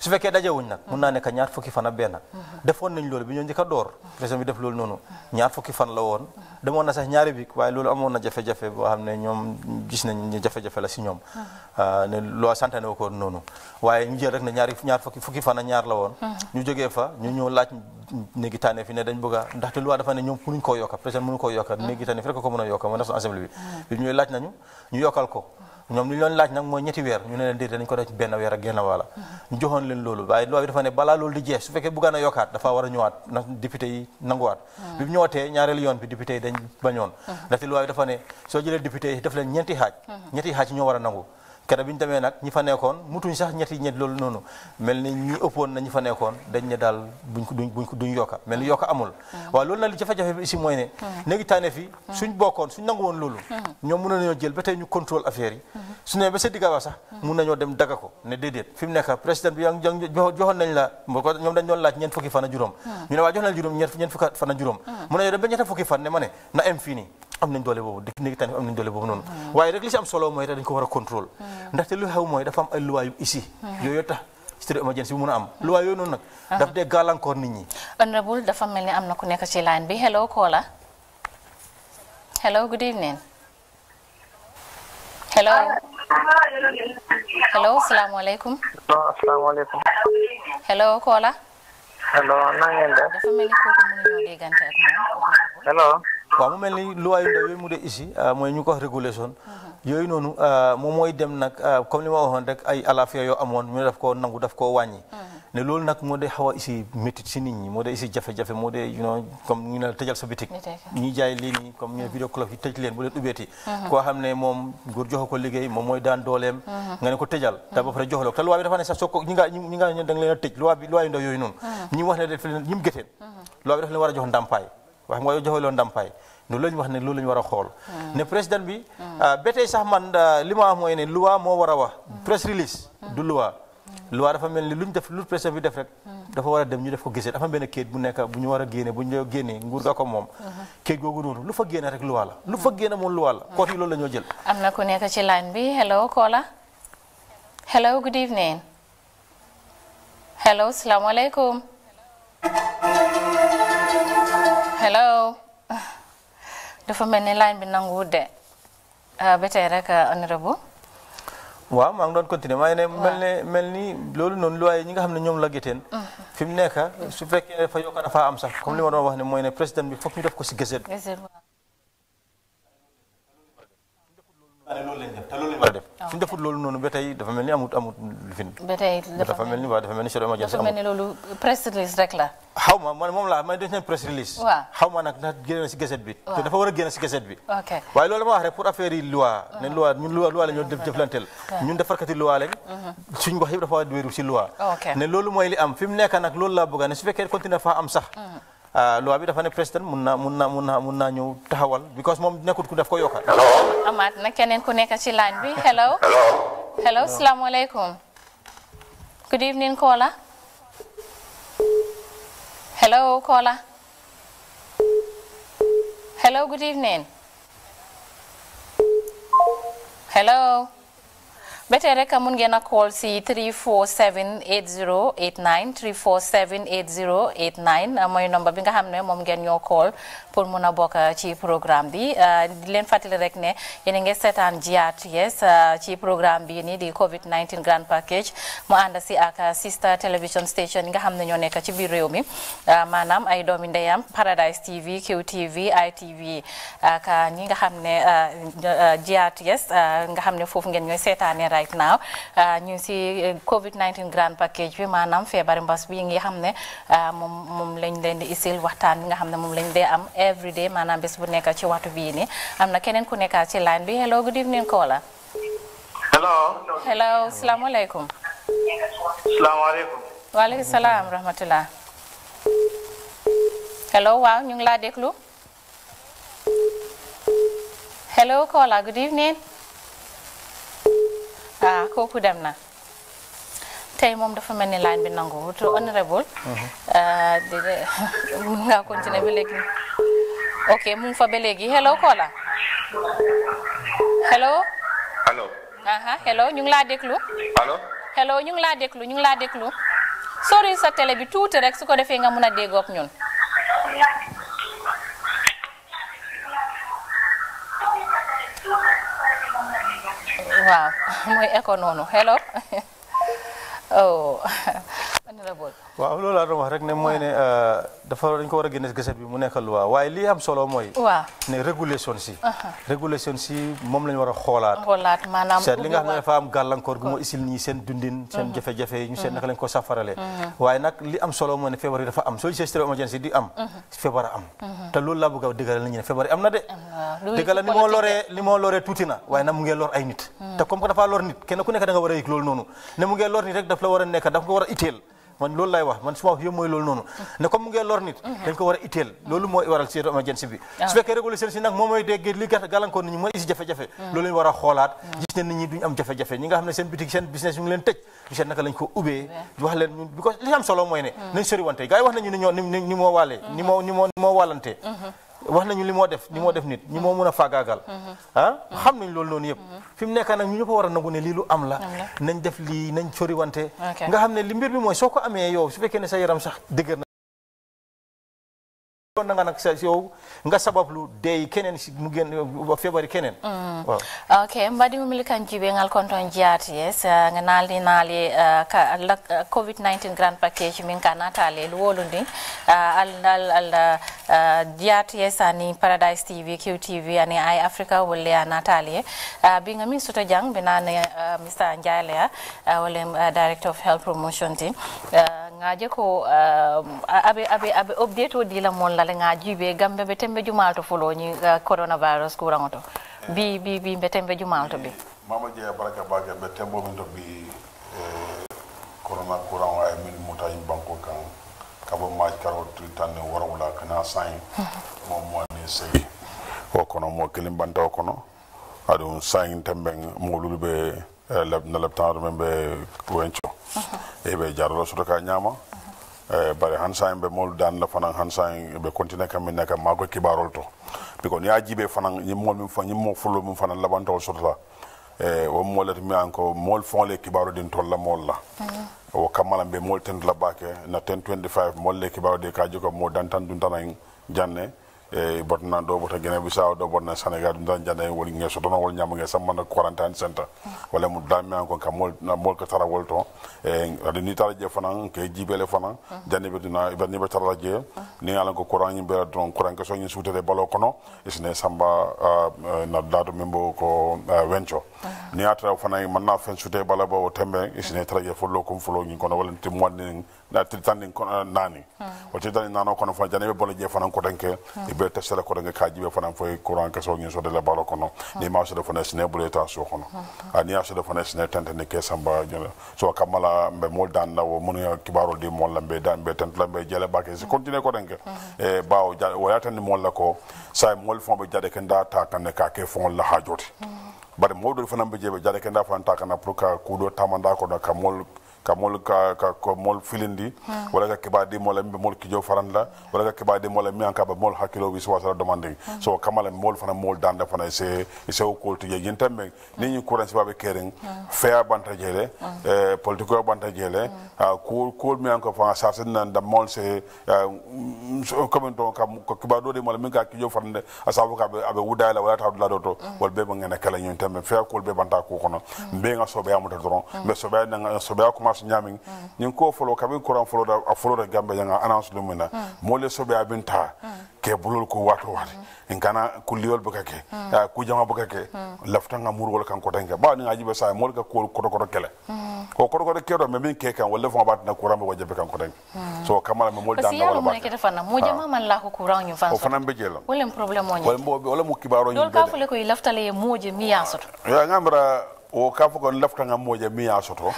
su fekkee daje wuñ nag mun naa nekk ñaar fukki fan ak benn defoon nañ loolu bi ñoo njëkk a door président bi def loolu noonu ñaar fukki fan la woon demoon na sax ñaari bi waaye loolu amoon na jafe-jafe boo xam ne ñoom gis nañ ñu jafe la si ñoom ne loo santane ko noonu waaye ñu jël rek ne ñaari ñaar fukki fukki fan ñaar la woon ñu jógee fa ñu ñëw laaj néegi tànneef yi ne dañ bëgg a ndaxte loi ko mën a yokka mooy national assemblée laaj nañu ñu yokkal ko ñoom li ñu doon laaj nag mooy ñetti weer ñu ne leen déedéet dañ ko def ci benn weer a genn wàlla ñu joxoon leen loolu waaye loi bi dafa ne balaa loolu di jeex su fekkee bëggaan a yokkaat dafa war a ñëwaat nag député yi nanguwaat ah. bi mu ñaareelu yoon bi député yi dañ bañoon ah. ndaxte loi bi dafa ne soo jëlee député yi def leen ñeenti xaaj ah. ñetti xaaj ñoo war a nangu keroog bi ñu demee nag ñi fa nekkoon mutuñ sax ñetti ñetti loolu noonu mel ni ñi ëppoon na ñi fa nekkoon dañ ne daal duñ yokka mel ni yokka amul. Mm. waaw loolu nag li jafe-jafe bi aussi mooy ne. Mm. léegi tànneef yi mm. suñ bokkoon suñ nangu loolu. ñoom mun nañoo jël laaj ñeent fukki fan a juróom. ñu ne waa jox nañ juróom ñeent fukki fan a juróom. mun nañoo dem ba ñetti fukki fan ne ma ne na am fii nii am nañ doole boobu dëkk néegi tànneef am nañ doole boobu noonu rek li ci am solo moy rek dañ ko wara contrôle ndax te lu xew moy dafa am ay luwaayu ici yoyo tax state emergency bu mun am loi yooyu non nak daf dee gàllankoor nit ñi honorable dafa melni am na ku nekk ci line bi hello Kola. hello good evening hello hello assalamu alaykum hello Kola. hello na ngeen def dafa ko ko mu ñu déggante ak moom hello waaw mu mel ni loi yu ndaw yooyu mu dee ici euh, mooy ñu ko wax régulation uh-huh. yooyu noonu euh, moom mooy dem nag euh, comme li ma waxoon rek ay alaaf yoo amoon ñu ne daf koo nangu daf koo wàññi uh-huh. ne loolu nag moo dee xaw a ici métit si nit ñi moo dee ici jafe-jafe moo dee you know comme ñu ne la tëjal sa bitik ñuy jaay lii nii comme ñu ne vidéo club yi tëj leen bu leen ubbeeti uh-huh. koo xam ne moom góor joxo ko liggéey moom mooy daan dooleem nga ne ko tëjal te ba pare joxaloo te loi bi dafa ne sax soo ko ñi nga ñi nga da nga leen a tëj loi bi loi yu ndaw yooyu noonu ñi wax ne def leen ñi mu géteen loi bi dafa leen war a jox ndàmpaay wax mooy joxaloo fay nu lañ wax ne loolu lañ wara xol ah. ne president bi ah. ah, betey sax man li ma wax moy ne loi mo wara wax press release du loi loi dafa melni luñ def lu président bi def rek dafa wara dem ñu def ko gisse dafa ben keet bu nekk bu ñu wara gene bu ñu gene nguur ga ko mom keet gogu noonu lu fa gene rek loi la lu fa gene mo loi la ko fi loolu lañu jël amna ku nekk ci line bi hello Kola hello good evening hello salaamaaleykum hello dafa mel ni line bi nanguwul de ah, ba tey rek ah, honorable waaw maa ngi doon continuer maa ngi ne mel ne mel ni loolu noonu luwaay ñi nga xam ne ñoom la géteen mm-hmm. fi mu nekk su fekkee dafa yokk dafa am sax comme li ma doon wax ne mooy ne président bi foog ñu def ko si gazette xale loolu lañ def te loolu lañ war a def ah, suñ defut loolu noonu ba dafa mel ni amut amut lu dafa mel ni waaw dafa mel ni solo émergence dafa mel ni def nañ press release si gazette a wax yëpp dafa war a si loi ne loolu mooy li am fi mu nag loolu laa bëgg ne su fekkee continuer faa am sax mhm. Ah, loi bi dafa ne président mun na mun na mun na mun naa ñëw taxawal because moom nekkut ku def ko yokkal. allo. amaat na keneen ku nekk ci line bi hello. Hello. hello salaamaaleykum. good evening Kola. hello Kola. hello good evening. hello. Better tey rek mun ngeen a call si 347 8089 347 8089 mooy nomba bi nga xam ne moom call pour mun a bokk euh, ci programme bi euh, di leen fàttali rek ne yéen a ngi seetaan GRTS euh, ci programme bi nii di Covid 19 grand package mu ànd si ak sister television station yi nga xam ne ñoo nekk ci biir réew mi maanaam ay doomi ndeyam Paradise TV QTV ITV ak ñi nga xam ne GRTS nga xam ne foofu ngeen ñooy seetaanee right now ñu si Covid 19 grand package bi maanaam feebar mbas bi nga xam ne moom moom lañ leen di isil waxtaan bi nga xam ne moom lañ dee am. everyday maanaam bés bu nekk ci waxtu bii nii am na keneen ku nekk ci line bi hello good evening caller. hello. hello salaamaaleykum. salaamaaleykum. salaam rahmatulah. hello waaw ñu ngi laa déglu. hello caller good evening. ah kooku dem na. tey moom dafa mel ni line bi nangu wutu honorable. Mhm. Ah, di nga continuer ba léegi. ok mu fa ba léegi hello Kola hello. allo. aha hello ñu ngi laa déglu. allo. hello ñu ngi laa déglu ñu ngi laa déglu. sori sa télé bi tuuti rek su ko defee nga mun a déggoo ak ñun. waaw mooy écho noonu hello oh. waaw loolu laa wax rek ne moy ne eh, dafa dañ ko war a génne bi mu nekk li am solo mooy ne regulation si regulation si mom lañu wara kholar xoolaat manam seet li nga ne am gàllankoor gu mo isil ni sen dundin sen jefe jefe yi ñu seet kosa lañ ko nak waaye li am solo moy ne feebar dafa am soo gisee majan si di am feebar am te loolu laa bëgg a dëggal ne am na de dëggal ni mo loree ni moo loree wai na waaye mu lor ay nit hmm. te comme que dafa lor nit kenn ku nekk da nga war a ne mu lor nit rek daf la war a nekk daf nga man loolu lay wax man suma wax yëpp mooy loolu noonu ne comme mu ngee lor nit dañ ko war a itteel loolu mooy waral si ah. nag moom jafe-jafe loolu lañu war xoolaat gis ne nit ñi mm. mm. duñ am jafe-jafe ñi nga xam ne seen boutique seen business ñu leen tëj ñu naka lañ ko ubbee li am solo mooy ne mm. nañ sori wante yi wax nañu ni moo wàllee mm-hmm. ni moo ni wax nañu li moo def li moo def nit ñi moo mën a faagaagal mm-hmm. Mm-hmm. ah xam nañ loolu noonu yëpp mm-hmm. fi mu nekk nag ñu ñëpp war a nangu ne lii lu am la nañ def lii nañ soriwante nga xam ne li mbir bi mooy soo ko amee yow su fekkee ne sa yaram sax dëgër na loolu nga nag sa yow nga sabablu dey keneen si keneen mm. waaw ok mbaɗimo mili kan jiiɓe ngal konton jeyaati yes eh, nga naali naali eh, ka eh, covid 19 grand package min ka natali el woludi aldal al jeyaati yes ani paradise tv qtv ani i africa wolle a natali e binga min soto jang mbe nane mr ndialeya wolle director of health promotion ti ngaje ko aɓe aɓe aɓe update o dila mon la ngale nga jibe gambe be tembe jumalto fulo ni uh, coronavirus kura ngoto bi bi bi be tembe jumalto bi eh, mama je baraka baga be tembo min to bi eh, corona corona kura ay e min muta in banko kan kabo ma karo tritan ne warawla kana sai mo mo ne sai o kono mo kelin banta o kono adu sai tembe mo be eh, lab na lab tan be wencho ebe jarro ka nyama Uh, bare han be mol dan la fanan han sa be continue kam min kam mako kibarol to biko ni ajibe fanan ni mol mi fanan mo fulo mi fanan laban to sotla e eh, wo molat mi anko mol fon le kibaro din to la mol la wo kamala be mol ten la bake na 1025 mol le kibaro de ka jiko mo dan tan dun tan janne e botna ɗo ɓota bi bisaw do botna sénégal ɗum tan jande woni gue sotono wol nge ñamague sammana quarantane centa walla mo dami an kon ka ko tara wol to e ade ni tara je fanan ke jibele fanan jande ɓe duna be tara je ni alan ko courant yim ɓeɗa ton courant ke soñi suutede balo kono isne samba na daɗo min bo ko wenco ni atara fana manna fen suute bala bo tembe ne tara je follo kum folo ñin kono walla timmoanni na tilitandi naani o tilitandi naano kono fana jana i be bolo jee ko tanke e be tesere kotenke ka jibe fanan fo ngi so de la balo kono ni ma sode fana ne bulu ta so kono a so de sode ne tante tenteni ke samba so kamala mbe mol dan na wo munu kibaro di mol be dan be la be jele ba ke si continue kotenke e baaw wo ya tan mol la ko sai e mol fon be jade kenda ta kan ka ke fon la hajoti bare modul fana be jebe jade kenda fana ta kana pour ka kudo tamanda ko da kamol kamol ka ka ko mol filindi hmm. wala ka keba de mol mi mol kijo faranda wala ka keba de mol mi anka ba mol hakilo wi hmm. so sala demande so kamala mol fana mol danda fana se se o ko to yin tambe hmm. ni ni kuran se babe kering fair banta jele eh political banta jele ko ko mi anka fa sa sen nan da mol se ah, mm, comme don ka ko keba do de mol mi ka kijo faranda asabu ka abe la wala ta dula do to wal be ngene kala yin tambe fair ko be banta ko kono mbe nga sobe doron mbe sobe nga sobe kuma annonce ñaamiŋ ñiŋ ko folo kabiŋ folo da a da gambe ñaŋa annonce lu muŋ mo le sobe a biŋ ke bulol ko waato waati nkana kulliyol be ku jama bu kake lafta nga mur muruwol kan ko tanga ba ni nga jibe le ko ko ko kotokoto kele o ke do me min ke kaŋ walla faŋo baatina kuraŋ be kan ko tanga so kamala me moolu daŋ wala o fanaŋ be je la wala mo kibaaro wala be wala yo kibaro mira do ka fo ko lafta le mo je miŋ mi ya soto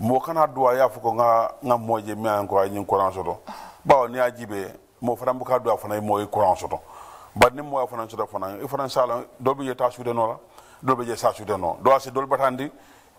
mɔgɔ kana don y'a fuko ko nga moje mi an ko ay ni quran soto sɔrɔ n'i y'a ji bɛ mɔgɔ fana ka don fana ye mɔgɔ ye kuran bari ni mɔgɔ fana soto fana i fana sala do dɔ bɛ jɛ taa no la do be jɛ sa sudɛnɔ dɔ a se dɔli bɛ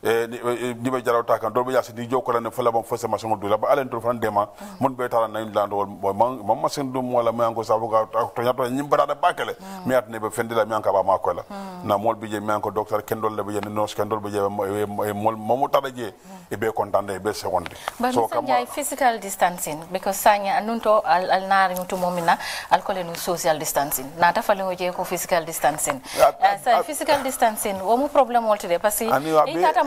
niɓe eh, jarata kan dolɓe yasi ni jokkorande folabam fo sema sengo la ba alen to fan dema mon mm. ɓe tara nayi lando mamma sen ɗum walla mi anko sabuga toñato ñimbatade bakele mm. mi atane ɓe fendila mi anka ɓama koyla mm. na mol ɓe e, e, je mi anko docteur kendolle ɓe je nos kendol ɓe je mol mamu tara je eɓe contande be e segonde so kamay physical distancing because saña nun to al naariŋ tumomina alkole nu social distancing nata faleŋo je ko physical distancing physical distancing womu probléme woltede par ce que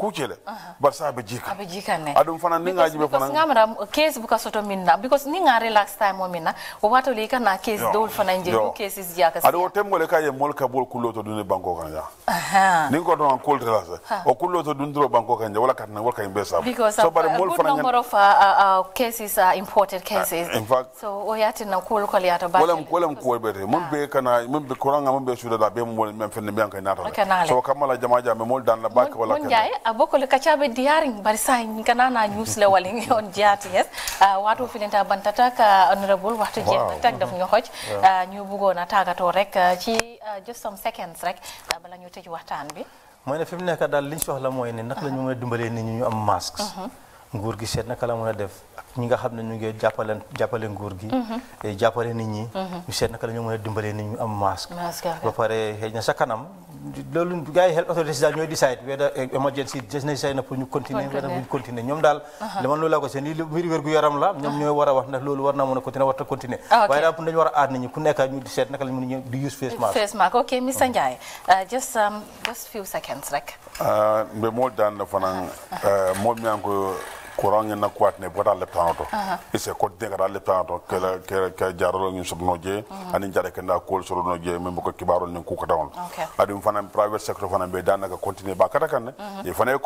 kucele barsa abijika abijika ne jikanne aɗum fana ni ngaji ɓe fana gamata case buka soto minna because ni relax time o minna o leka na case dowol fana je ɗu cases jiyaka aɗa adu temgole ka ye mol kabol kuloto dune banko kanja aha o kan ja nin ko ɗon o kuloto to ɗum banko kanja o kan ja wala katna wala kañ sabu because so bare uh, mol fana number of uh, uh, uh cases are imported cases in fact so o yatinna kol kol yata ba walam walam ko ɓete mun ɓe kana mun ɓe courant ga mun ɓe suudata ɓe mol men fenne mbiyan kay so kammala jamaja jama mol dan la bakke wala kañ a bokkole kacaɓe diyariñ mbaɗa saha ganana ñusle walin on jeeyati hes wato filinta bantata a honorable watto jeenan tak def ñohoj ñu bugona tagato rek ah, ci ah, just some seconds rek ah, bala ñu tëj waxtaan bi mooy ne fi mu daal liñ soxla mooy ne naka la ñu mën a dimbalee nit ñi ñu am masque mm-hmm. nguur gi seet naka la mën a def ak ñi nga xam ne ñu ngi jàppale nguur gi mm-hmm. eh, jàppale nit ñi mm-hmm. ñu seet naka la ñu mën a dimbalee nit ñu am masque ba pare xëy na sa kanam loolu gars yi health authorities décide whether emergency just na pour ñu continuer wala continuer ko seen gu yaram la a wax war continuer continuer ah, nit ñi ku nekk ñu la di use face mask face mask ok Mr uh, just um, just few seconds rek ah, fanan uh, mi ko courant na kuat ne le e se ko de gara le ke ke ke ni ani jare ke na ko ko kibaro ni ku private sector be ka continue ba kata kan e hane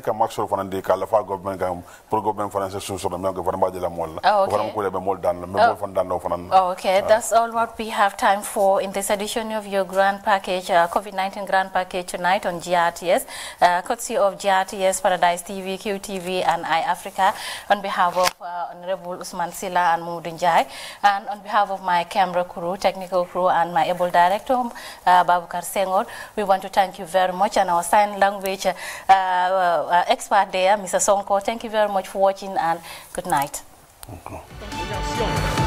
ka ah, de ka ah. la fa government ga pour government me ko ba de la mol be mol dan me ah, mol dan no okay that's all what we have time for in this edition of your grand package uh, covid-19 grand package tonight on GRTS uh, courtesy of GRTS Paradise TV QTV and IAF Africa on behalf of uh, Honorable Usman Silla and Moudou and on behalf of my camera crew, technical crew, and my able director, uh, Babukar we want to thank you very much. And our sign language uh, uh, uh expert there, Mr. Sonko, thank you very much for watching and good night. Okay.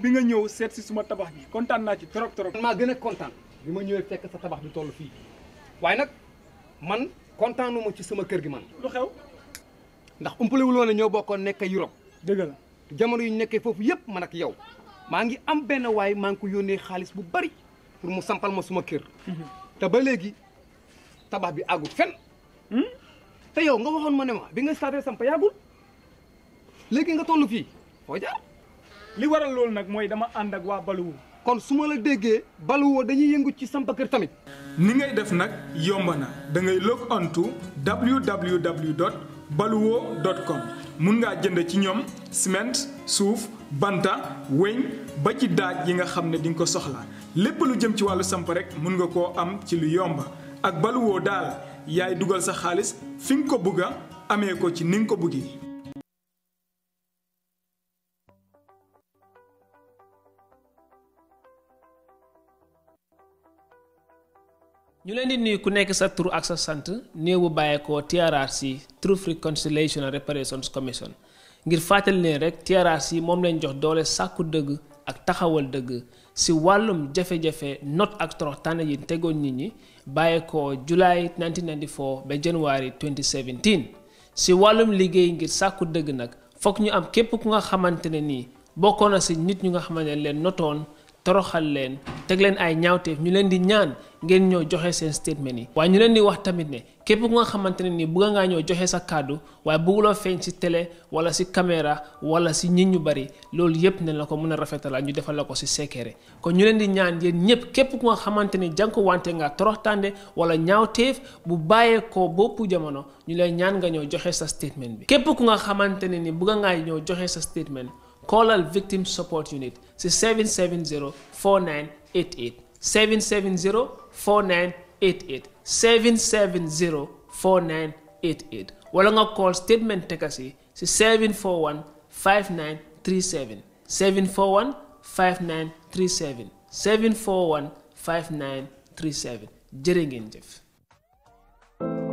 bi nga ñew set ci suma tabax bi contane na ci trop trop. ma gëna contane a kontaan bi ma fekk sa tabax bi tollu fi way nak man kontaanuma ci suma kër gi man. lu xew ndax umpale wu lona ñoo bokkon nekk Europe. deug la jamono yu ñu fofu yépp man ak yow ma ngi am ben way maa ngi ko yone xaalis bu bari pour mu sampal ma suma kër. Mhm. ta ba légui tabax bi fen hmm te yow nga waxon mo ne ma bi nga saatee samp yagul légui nga tollu fi foo jaar. li waral loolu nag mooy dama ànd ak waa Baluwu. kon su ma la déggee Baluwu dañuy yëngu ci samp kër tamit. ni ngay def nag yomba na da ngay log on to www.baluwo.com mun ngaa jënd ci ñoom ciment suuf banta weñ ba ci daaj yi nga xam ne di nga ko soxla lépp lu jëm ci wàllu samp rek mun nga koo am ci lu yomba ak Baluwo daal yaay dugal sa xaalis fi nga ko bëgg a amee ko ci ni nga ko bëggee. ñu leen di nuyu ku nekk sa tur ak sa sant néew bu bàyyeekoo TRRC Truth Reconciliation and Reparations Commission ngir fàttali leen rek TRRC moom lañ jox doole sàkku dëgg ak taxawal dëgg si wàllum jafe-jafe ak toroxtaane yi tegoon nit ñi bàyyeekoo July 1994 ba January 2017 si wàllum liggéey ngir sàkku dëgg nag foog ñu am képp ku nga xamante ne nii bokkoon na si nit ñu nga xamante ne leen notoon. toroxal leen teg leen ay ñaawteef ñu leen di ñaan ngeen ñoo joxe seen statement yi waaye ñu leen di wax tamit ne képp ku nga xamante ne nii bëgg ngaa ñoo joxe sa kàddu waaye bëgguloo feeñ si télé wala si caméra wala si nit ñu bari loolu yépp ne la ko mën a rafetalal ñu defal la ko si secret kon ñu leen di ñaan yéen ñépp képp ku nga xamante ni jànku wante nga toroxtande wala ñaawteef bu bàyyee ko bopp jamono ñu lay ñaan nga ñoo joxe sa statement bi képp ku nga xamante ne ni bëgg ngaa ñoo joxe sa statement Call our victim support unit It's 770-4988. 770-4988. 770-4988. call statement teka si 741-5937. 741-5937. 741-5937. jërë